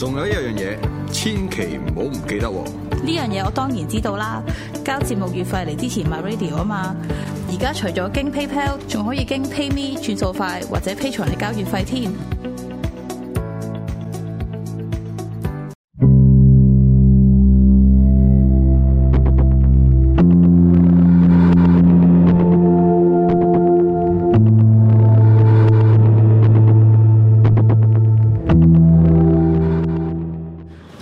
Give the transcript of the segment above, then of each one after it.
仲有一樣嘢，千祈唔好唔記得喎！呢樣嘢我當然知道啦，交節目月費嚟支持 MyRadio 啊嘛！而家除咗經 PayPal，仲可以經 PayMe 轉數快，或者 Patreon 嚟交月費添。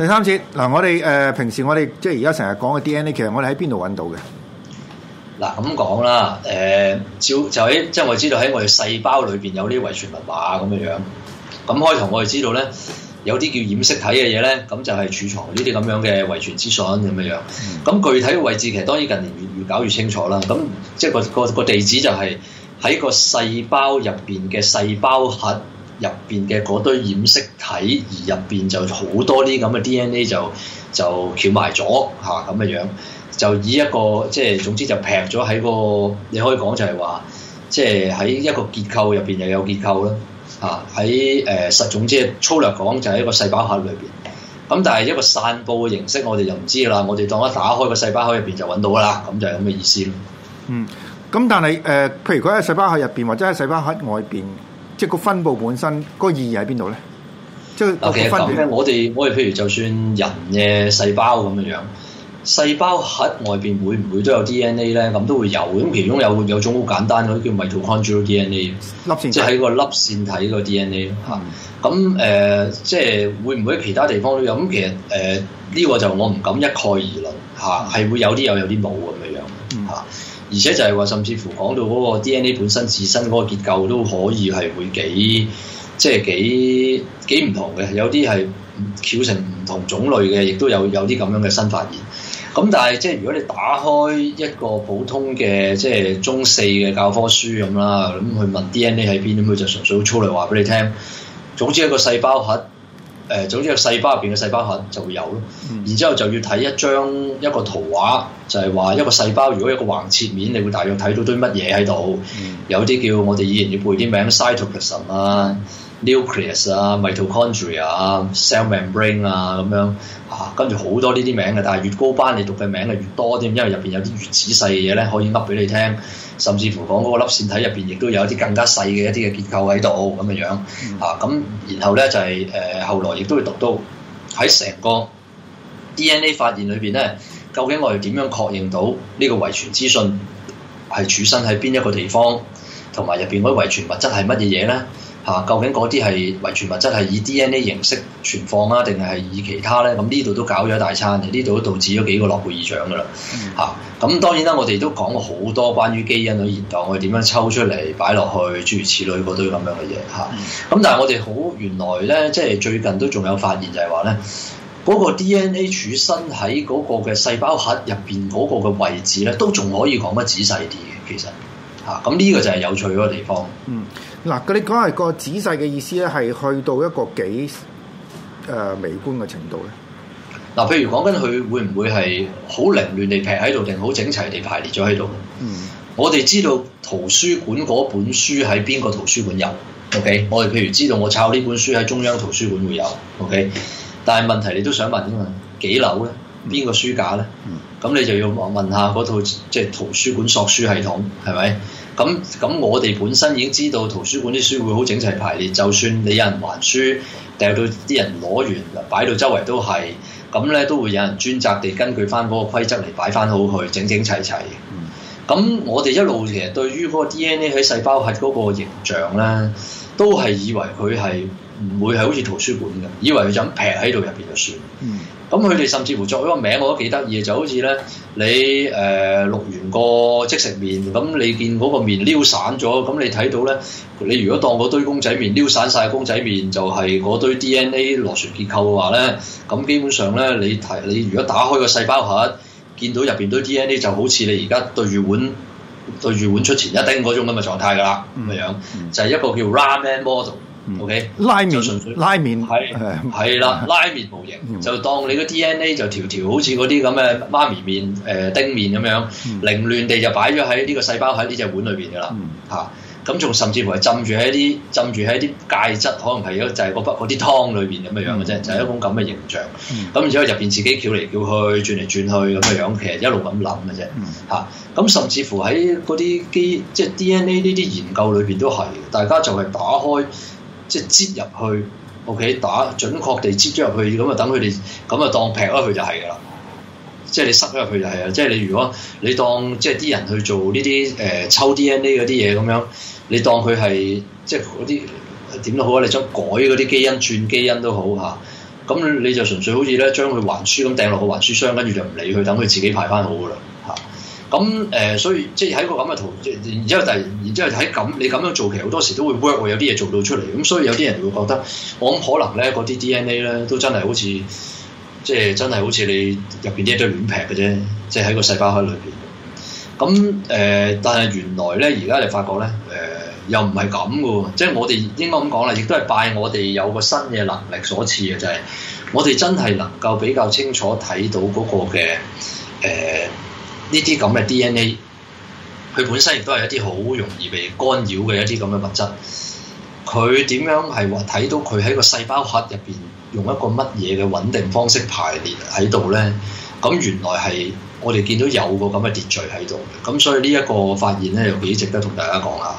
啱先嗱，我哋誒、呃、平時我哋即係而家成日講嘅 DNA，其實我哋喺邊度揾到嘅？嗱咁講啦，誒、呃，照就喺即係我知道喺我哋細胞裏邊有啲遺傳密碼咁樣樣。咁開頭我哋知道咧，有啲叫染色體嘅嘢咧，咁就係儲藏呢啲咁樣嘅遺傳資訊咁樣樣。咁具體嘅位置其實當然近年越越搞越清楚啦。咁即係個個個地址就係喺個細胞入邊嘅細胞核。入邊嘅嗰堆染色體，而入邊就好多啲咁嘅 DNA 就就僥埋咗嚇咁嘅樣，就以一個即係總之就平咗喺個你可以講就係話，即係喺一個結構入邊又有結構啦，嚇喺誒實總之粗略講就喺一個細胞核裏邊。咁但係一個散佈嘅形式我，我哋就唔知啦。我哋當一打開個細胞核入邊就揾到啦，咁就係咁嘅意思咯。嗯，咁但係誒、呃，譬如佢喺細胞核入邊，或者喺細胞核外邊。即係個分佈本身，個意義喺邊度咧？即係個分咧。我哋我哋譬如就算人嘅細胞咁嘅樣，細胞核外邊會唔會都有 DNA 咧？咁都會有。咁其中有有種好簡單嗰啲叫 mitochondrial DNA，粒線即係喺個粒線體個 DNA 咯嚇。咁誒，即係會唔會喺其他地方都有？咁其實誒呢、呃呢個就我唔敢一概而論嚇，係會有啲有，有啲冇咁嘅樣嚇。嗯而且就係話，甚至乎講到嗰個 DNA 本身自身嗰個結構都可以係會幾即係幾幾唔同嘅，有啲係矯成唔同種類嘅，亦都有有啲咁樣嘅新發現。咁但係即係如果你打開一個普通嘅即係中四嘅教科書咁啦，咁去問 DNA 喺邊，咁佢就純粹粗略話俾你聽。總之一個細胞核。誒，總之個細胞入邊嘅細胞核就會有咯，嗯、然之後就要睇一張一個圖畫，就係、是、話一個細胞如果有一個橫切面，你會大約睇到啲乜嘢喺度，嗯、有啲叫我哋以前要背啲名，cytoplasm 啊。Nucleus 啊、Mitochondria 啊、Cell membrane 啊咁樣啊，跟住好多呢啲名嘅，但係越高班你讀嘅名就越多添，因為入邊有啲越仔細嘅嘢咧，可以噏俾你聽，甚至乎講嗰粒線體入邊亦都有一啲更加細嘅一啲嘅結構喺度咁嘅樣啊。咁然後咧就係、是、誒、呃、後來亦都會讀到喺成個 DNA 發現裏邊咧，究竟我哋點樣確認到呢個遺傳資訊係處身喺邊一個地方，同埋入邊嗰啲遺傳物質係乜嘢嘢咧？啊，究竟嗰啲係遺傳物質係以 D N A 形式存放啊，定係以其他咧？咁呢度都搞咗一大餐，呢度都導致咗幾個諾貝爾獎噶啦。嚇、嗯，咁、啊嗯、當然啦，我哋都講過好多關於基因嘅現代我哋點樣抽出嚟擺落去諸如此類嗰堆咁樣嘅嘢嚇。咁、啊嗯嗯、但係我哋好原來咧，即係最近都仲有發現就係話咧，嗰、嗰個 D N A 處身喺嗰個嘅細胞核入邊嗰個嘅位置咧，都仲可以講得仔細啲嘅，其實。啊！咁、這、呢個就係有趣嗰個地方。嗯，嗱，佢你講係個仔細嘅意思咧，係去到一個幾誒微觀嘅程度咧。嗱，譬如講緊佢會唔會係好凌亂地擗喺度，定好整齊地排列咗喺度？嗯，我哋知道圖書館嗰本書喺邊個圖書館有？OK，我哋譬如知道我抄呢本書喺中央圖書館會有。OK，但係問題你都想問啊嘛，幾樓咧？邊個書架呢？咁、嗯、你就要問問下嗰套即係、就是、圖書館索書系統係咪？咁咁我哋本身已經知道圖書館啲書會好整齊排列，就算你有人還書掉到啲人攞完，擺到周圍都係，咁呢都會有人專責地根據翻嗰個規則嚟擺翻好佢，整整齊齊。咁、嗯、我哋一路其實對於嗰個 DNA 喺細胞核嗰個形象呢，都係以為佢係。唔會係好似圖書館嘅，以為就咁劈喺度入邊就算。咁佢哋甚至乎作為一個名，我都幾得意。就好似呢：你、呃、誒錄完個即食麵，咁你見嗰個麵撩散咗，咁你睇到呢，你如果當嗰堆公仔麵撩散晒，公仔麵，就係、是、嗰堆 D N A 螺旋結構嘅話呢，咁基本上呢，你提你如果打開個細胞核，見到入邊堆 D N A 就好似你而家對住碗對住碗出前一丁嗰種咁嘅狀態㗎啦，咁嘅樣就係一個叫 Ramen model。O.K. 拉麵就純粹拉麵，係係啦，拉麵模型、嗯、就當你個 D.N.A. 就條條好似嗰啲咁嘅媽咪麵、誒、呃、丁麵咁樣、嗯、凌亂地就擺咗喺呢個細胞喺呢隻碗裏邊嘅啦，嚇咁仲甚至乎係浸住喺啲浸住喺啲介質，可能係嗰就係嗰啲湯裏邊咁嘅樣嘅啫，嗯、就係一種咁嘅形象。咁之、嗯嗯、且入邊自己翹嚟翹去、轉嚟轉去咁嘅樣，樣，其實一路咁諗嘅啫，嚇咁甚至乎喺嗰啲機即係 D.N.A. 呢啲研究裏邊都係，大家就係打開。即係擠入去，OK，打準確地擠咗入去，咁啊等佢哋，咁啊當劈咗佢就係㗎啦。即係你塞咗入去就係啊。即係你如果你當即係啲人去做呢啲誒抽 DNA 嗰啲嘢咁樣，你當佢係即係嗰啲點都好啊，你想改嗰啲基因，轉基因都好嚇，咁啊你就純粹好似咧將佢還書咁掟落個還書箱，跟住就唔理佢，等佢自己排翻好㗎啦。咁誒、呃，所以即係喺個咁嘅圖，然然之後，但然之後喺咁你咁樣做，其實好多時都會 work 喎，有啲嘢做到出嚟。咁、嗯、所以有啲人會覺得，我諗可能咧嗰啲 DNA 咧都真係好似，即係真係好似你入邊啲都亂劈嘅啫，即係喺個細胞核裏邊。咁、嗯、誒、呃，但係原來咧，而家你發覺咧，誒、呃、又唔係咁嘅，即係我哋應該咁講啦，亦都係拜我哋有個新嘅能力所賜嘅就係、是，我哋真係能夠比較清楚睇到嗰個嘅誒。呃呃呢啲咁嘅 DNA，佢本身亦都係一啲好容易被干擾嘅一啲咁嘅物質。佢點樣係話睇到佢喺個細胞核入邊用一個乜嘢嘅穩定方式排列喺度咧？咁、嗯、原來係我哋見到有個咁嘅秩序喺度。咁、嗯、所以呢一個發現咧，又幾值得同大家講啦。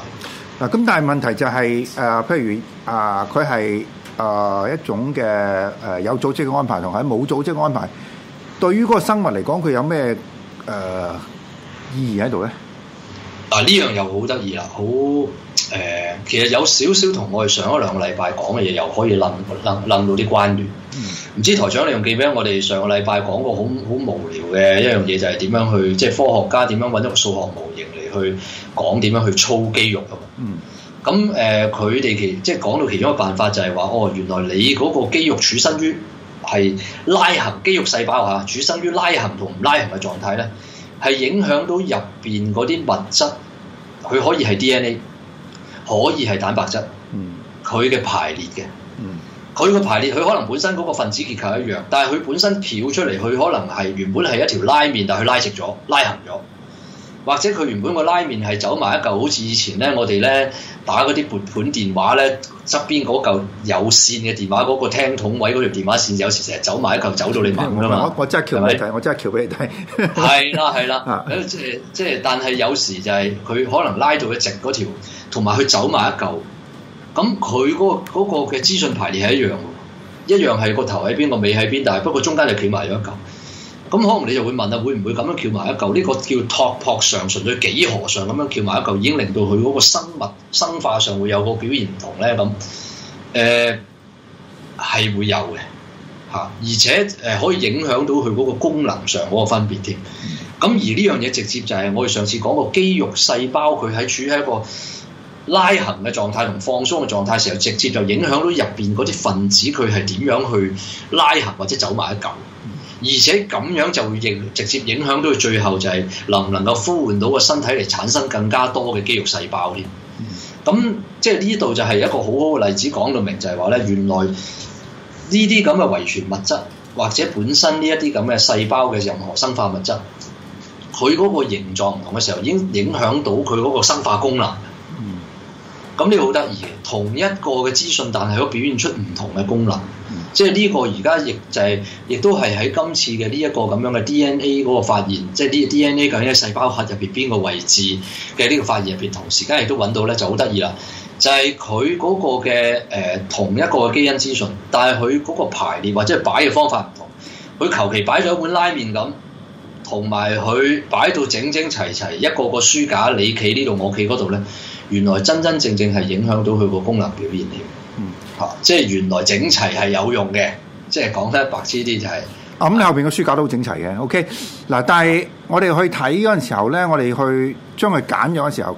嗱，咁但係問題就係、是、誒、呃，譬如啊，佢係誒一種嘅誒、呃、有組織嘅安排，同喺冇組織安排，對於嗰個生物嚟講，佢有咩？誒，uh, 意義喺度咧？嗱、啊，呢樣又好得意啦，好誒、呃，其實有少少同我哋上一兩個禮拜講嘅嘢又可以諗諗諗到啲關聯。唔、嗯、知台長你仲記唔記得我哋上個禮拜講過好好無聊嘅一樣嘢，就係、是、點樣去即係科學家點樣搵一個數學模型嚟去講點樣去操肌肉啊？嗯，咁誒佢哋其實即係講到其中一個辦法就係話，哦，原來你嗰個肌肉處身於。係拉痕肌肉細胞嚇，處身於拉痕同唔拉痕嘅狀態咧，係影響到入邊嗰啲物質，佢可以係 DNA，可以係蛋白質，佢嘅排列嘅，佢個排列佢可能本身嗰個分子結構一樣，但係佢本身漂出嚟，佢可能係原本係一條拉麵，但係佢拉直咗、拉痕咗，或者佢原本個拉麵係走埋一嚿，好似以前咧，我哋咧。打嗰啲撥盤電話咧，側邊嗰嚿有線嘅電話，嗰、嗰個聽筒位嗰條電話線，有時成日走埋一嚿，走到你盲噶嘛。我真係調俾你睇，我真係調俾你睇。係啦，係啦。即係即係，但係有時就係、係、佢可能拉到一直嗰條，同埋佢走埋一嚿。咁佢嗰嗰個嘅、嗰個嗰個、資訊排列係一樣喎，一樣係個頭喺邊，尾個尾喺邊，但係不過中間就捲埋咗一嚿。咁可能你就會問啦，會唔會咁樣撬埋一嚿？呢、這個叫拓撲上，純粹幾何上咁樣撬埋一嚿，已經令到佢嗰個生物生化上會有個表現唔同咧。咁，誒、呃、係會有嘅，嚇！而且誒可以影響到佢嗰個功能上嗰個分別添。咁、嗯、而呢樣嘢直接就係、是、我哋上次講個肌肉細胞，佢喺處於一個拉痕嘅狀態同放鬆嘅狀態時候，直接就影響到入邊嗰啲分子佢係點樣去拉痕或者走埋一嚿。而且咁樣就會影直接影響到佢最後就係能唔能夠呼喚到個身體嚟產生更加多嘅肌肉細胞添。咁、嗯、即係呢度就係一個好好嘅例子講到明就，就係話咧原來呢啲咁嘅遺傳物質或者本身呢一啲咁嘅細胞嘅任何生化物質，佢嗰個形狀唔同嘅時候，已經影響到佢嗰個生化功能。咁呢個好得意，同一個嘅資訊，但係佢表現出唔同嘅功能。即係呢個而家亦就係，亦都係喺今次嘅呢一個咁樣嘅 DNA 嗰個發現，即係呢個 DNA 究竟喺細胞核入邊邊個位置嘅呢個發現入邊，同時間亦都揾到咧，就好得意啦。就係佢嗰個嘅誒同一個基因資訊，但係佢嗰個排列或者係擺嘅方法唔同，佢求其擺咗一碗拉麵咁，同埋佢擺到整整齊齊，一個個書架你企呢度，我企嗰度咧，原來真真正正係影響到佢個功能表現。啊、即係原來整齊係有用嘅，即係講得白痴啲就係、是。咁、啊啊、你後邊個書架都好整齊嘅。O K，嗱，但係我哋去睇嗰陣時候咧，我哋去將佢揀咗嘅時候，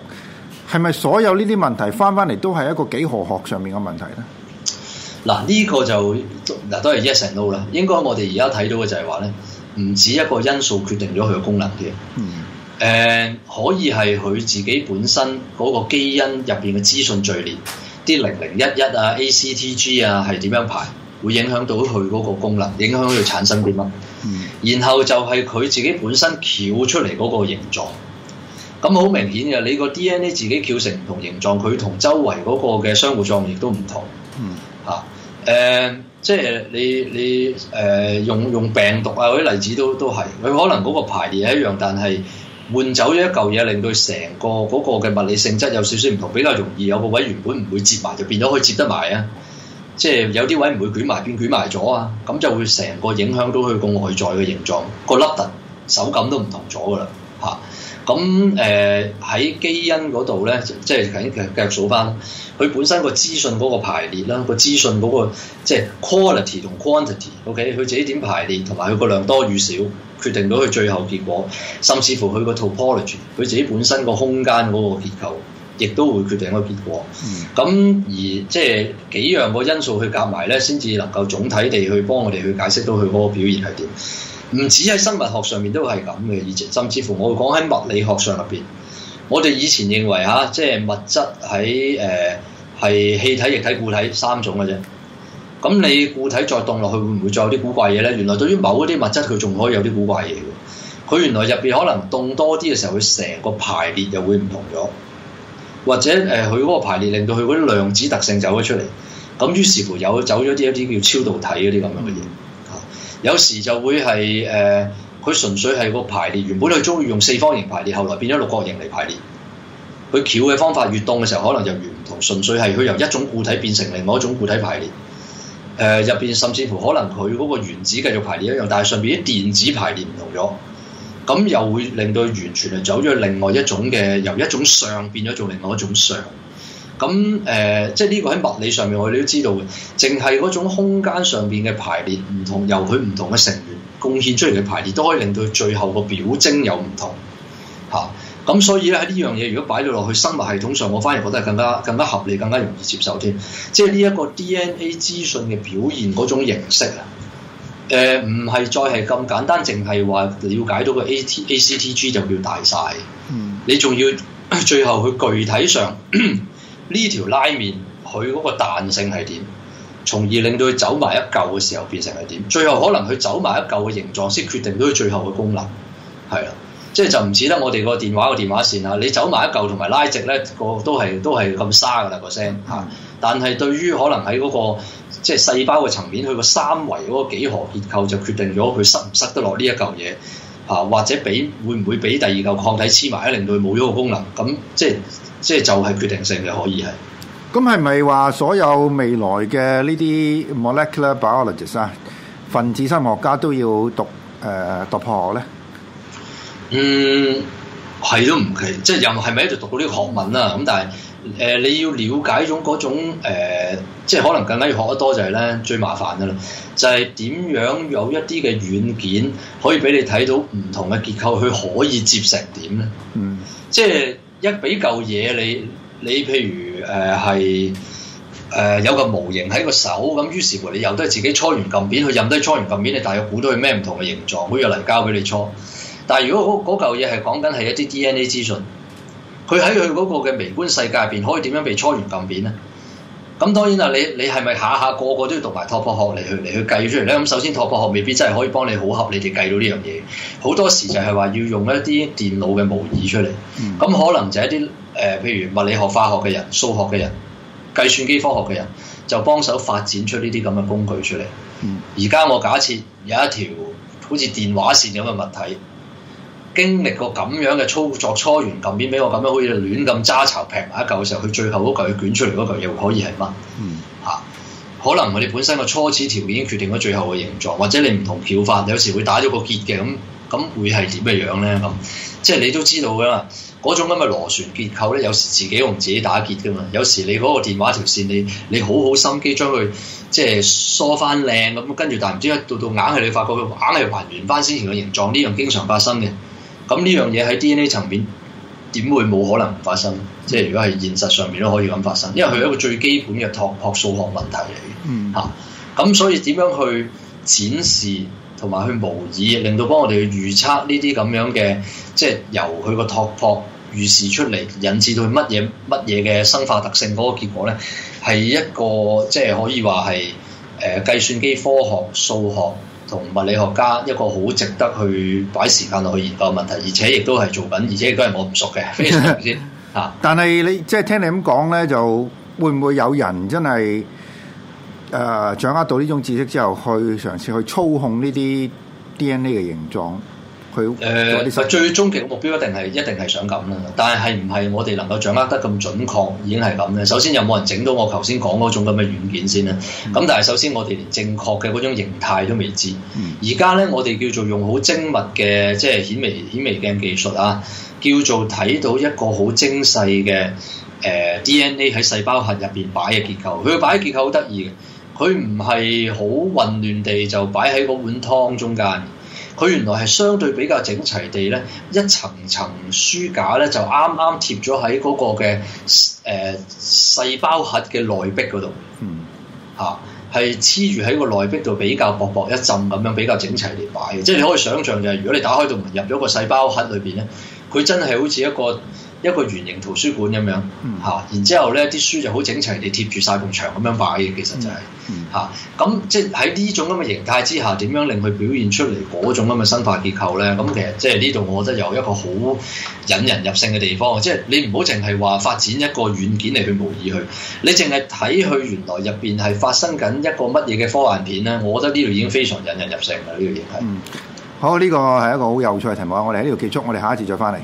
係咪所有呢啲問題翻翻嚟都係一個幾何學上面嘅問題咧？嗱、啊，呢、呢個就嗱、啊、都係 yes and no 啦。應該我哋而家睇到嘅就係話咧，唔止一個因素決定咗佢嘅功能嘅。嗯。誒、呃，可以係佢自己本身嗰個基因入邊嘅資訊序列。啲零零一一啊、ACTG 啊，係點樣排，會影響到佢嗰個功能，影響佢產生啲乜？嗯，然後就係佢自己本身翹出嚟嗰個形狀，咁好明顯嘅，你個 DNA 自己翹成唔同形狀，佢同周圍嗰個嘅相互作用亦都唔同。嗯，嚇、啊，誒、呃，即係你你誒、呃、用用病毒啊嗰啲例子都都係，佢可能嗰個排列係一樣，但係，換走咗一嚿嘢，令到成個嗰個嘅物理性質有少少唔同，比較容易有個位原本唔會接埋，就變咗可以接得埋啊！即係有啲位唔會捲埋，變捲埋咗啊！咁就會成個影響到佢個外在嘅形狀，個凹凸手感都唔同咗㗎啦嚇。咁誒喺基因嗰度咧，即係緊緊繼續數翻，佢本身個資訊嗰個排列啦，個資訊嗰個即係 quality 同 quantity，OK，佢自己點排列同埋佢個量多與少。決定到佢最後結果，甚至乎佢個 o p o l o g y，佢自己本身個空間嗰個結構，亦都會決定個結果。咁、嗯、而即係幾樣個因素去夾埋咧，先至能夠總體地去幫我哋去解釋到佢嗰個表現係點。唔止喺生物學上面都係咁嘅，甚至乎我會講喺物理學上入邊，我哋以前認為嚇，即係物質喺誒係氣體、液體、固體三種嘅啫。咁你固體再凍落去，會唔會再有啲古怪嘢呢？原來對於某一啲物質，佢仲可以有啲古怪嘢嘅。佢原來入邊可能凍多啲嘅時候，佢成個排列又會唔同咗，或者誒佢嗰個排列令到佢嗰啲量子特性走咗出嚟。咁於是乎有走咗啲一啲叫超導體嗰啲咁樣嘅嘢。嚇、嗯，有時就會係誒，佢、呃、純粹係個排列原本佢中意用四方形排列，後來變咗六角形嚟排列。佢巧嘅方法越凍嘅時候，可能就越唔同。純粹係佢由一種固體變成另外一種固體排列。誒入邊甚至乎可能佢嗰個原子繼續排列一樣，但係上邊啲電子排列唔同咗，咁又會令到完全係走咗另外一種嘅，由一種相變咗做另外一種相。咁誒，呃，即係呢個喺物理上面我哋都知道嘅，淨係嗰種空間上邊嘅排列唔同，由佢唔同嘅成員貢獻出嚟嘅排列都可以令到最後個表徵有唔同嚇。啊。咁所以咧喺呢樣嘢，這個、如果擺咗落去生物系統上，我反而覺得係更加更加合理、更加容易接受添。即係呢一個 DNA 資訊嘅表現嗰種形式啊，誒唔係再係咁簡單，淨係話了解到個 A T A C T G 就叫大晒，嗯、你仲要最後佢具體上呢條拉麵佢嗰個彈性係點，從而令到佢走埋一嚿嘅時候變成係點？最後可能佢走埋一嚿嘅形狀先決定到佢最後嘅功能，係啦。即係就唔似得我哋個電話、個電話線啦，你走埋一嚿同埋拉直咧，個都係都係咁沙㗎啦個聲嚇。但係對於可能喺嗰個即係細胞嘅層面，佢個三維嗰個幾何結構就決定咗佢塞唔塞得落呢一嚿嘢啊？或者俾會唔會俾第二嚿抗體黐埋一齊，冇咗個功能？咁即係即係就係決定性嘅，可以係。咁係咪話所有未來嘅呢啲 molecular biologist 啊，分子生物學家都要讀誒拓撲學咧？嗯，係都唔係，即係又係咪喺度讀呢啲學問啊？咁但係，誒、呃，你要了解種嗰種，誒、呃，即係可能更加要學得多就係、是、咧，最麻煩噶啦，就係、是、點樣有一啲嘅軟件可以俾你睇到唔同嘅結構，佢可以接成點咧？嗯，即係一俾嚿嘢你，你譬如誒係誒有個模型喺個手咁，於是乎你又都係自己搓圓撳扁，去任得搓圓撳扁，你大約估到佢咩唔同嘅形狀，每有嚟交俾你搓。但係如果嗰嚿嘢係講緊係一啲 DNA 資訊，佢喺佢嗰個嘅微觀世界入邊，可以點樣被搓圓撳扁咧？咁當然啦，你你係咪下下個個都要讀埋拓撲學嚟去嚟去計出嚟咧？咁首先拓撲學未必真係可以幫你好合理地計到呢樣嘢，好多時就係話要用一啲電腦嘅模擬出嚟。咁可能就係一啲誒、呃，譬如物理學、化學嘅人、數學嘅人、計算機科學嘅人，就幫手發展出呢啲咁嘅工具出嚟。而家我假設有一條好似電話線咁嘅物體。經歷過咁樣嘅操作，初完撳片俾我咁樣，好似亂咁揸巢劈埋一嚿嘅時候，佢最後嗰嚿佢捲出嚟嗰嚿又可以係乜？嗯，嚇、啊，可能我哋本身個初始條件已經決定咗最後嘅形狀，或者你唔同票法，有時會打咗個結嘅咁，咁會係點嘅樣咧？咁即係你都知道噶啦，嗰種咁嘅螺旋結構咧，有時自己同自己打結噶嘛，有時你嗰個電話條線你，你你好好心機將佢即係梳翻靚咁，跟住但唔知一到到硬係你發覺佢硬係還原翻先前嘅形狀，呢樣經常發生嘅。咁呢樣嘢喺 DNA 層面點會冇可能唔發生？即係如果係現實上面都可以咁發生，因為佢係一個最基本嘅拓撲數學問題嚟嘅。嚇、嗯，咁、啊、所以點樣去展示同埋去模擬，令到幫我哋去預測呢啲咁樣嘅，即係由佢個拓撲預示出嚟，引致到佢乜嘢乜嘢嘅生化特性嗰個結果咧，係一個即係可以話係誒計算機科學數學。同物理學家一個好值得去擺時間落去研究嘅問題，而且亦都係做緊，而且亦都係我唔熟嘅，非常之嚇。但係你即係聽你咁講咧，就會唔會有人真係誒、呃、掌握到呢種知識之後去嘗試去操控呢啲 DNA 嘅形狀？誒，其、呃、最終極嘅目標一定係一定係想咁啦，但係係唔係我哋能夠掌握得咁準確已經係咁咧。首先有冇人整到我頭先講嗰種咁嘅軟件先咧？咁、嗯、但係首先我哋連正確嘅嗰種形態都未知。而家咧，我哋叫做用好精密嘅即係顯微顯微鏡技術啊，叫做睇到一個好精細嘅誒 DNA 喺細胞核入邊擺嘅結構。佢擺結構好得意嘅，佢唔係好混亂地就擺喺嗰碗湯中間。佢原來係相對比較整齊地呢，一層層書架呢，就啱啱貼咗喺嗰個嘅誒細胞核嘅內壁嗰度。嗯，嚇係黐住喺個內壁度，比較薄薄一浸咁樣比較整齊地擺嘅，即係你可以想象嘅、就係。如果你打開度門入咗個細胞核裏邊呢，佢真係好似一個。一個圓形圖書館咁樣嚇，嗯、然之後咧啲書就好整齊地貼住晒埲牆咁樣擺嘅，其實就係、是、嚇。咁、嗯嗯啊、即係喺呢種咁嘅形態之下，點樣令佢表現出嚟嗰種咁嘅生化結構咧？咁、嗯嗯、其實即係呢度，我覺得有一個好引人入勝嘅地方。即係你唔好淨係話發展一個軟件嚟去模擬佢，你淨係睇佢原來入邊係發生緊一個乜嘢嘅科幻片咧。我覺得呢度已經非常引人入勝啦呢樣嘢。呢個、形態嗯，好，呢、呢個係一個好有趣嘅題目啊！我哋喺呢度結束，我哋下一次再翻嚟。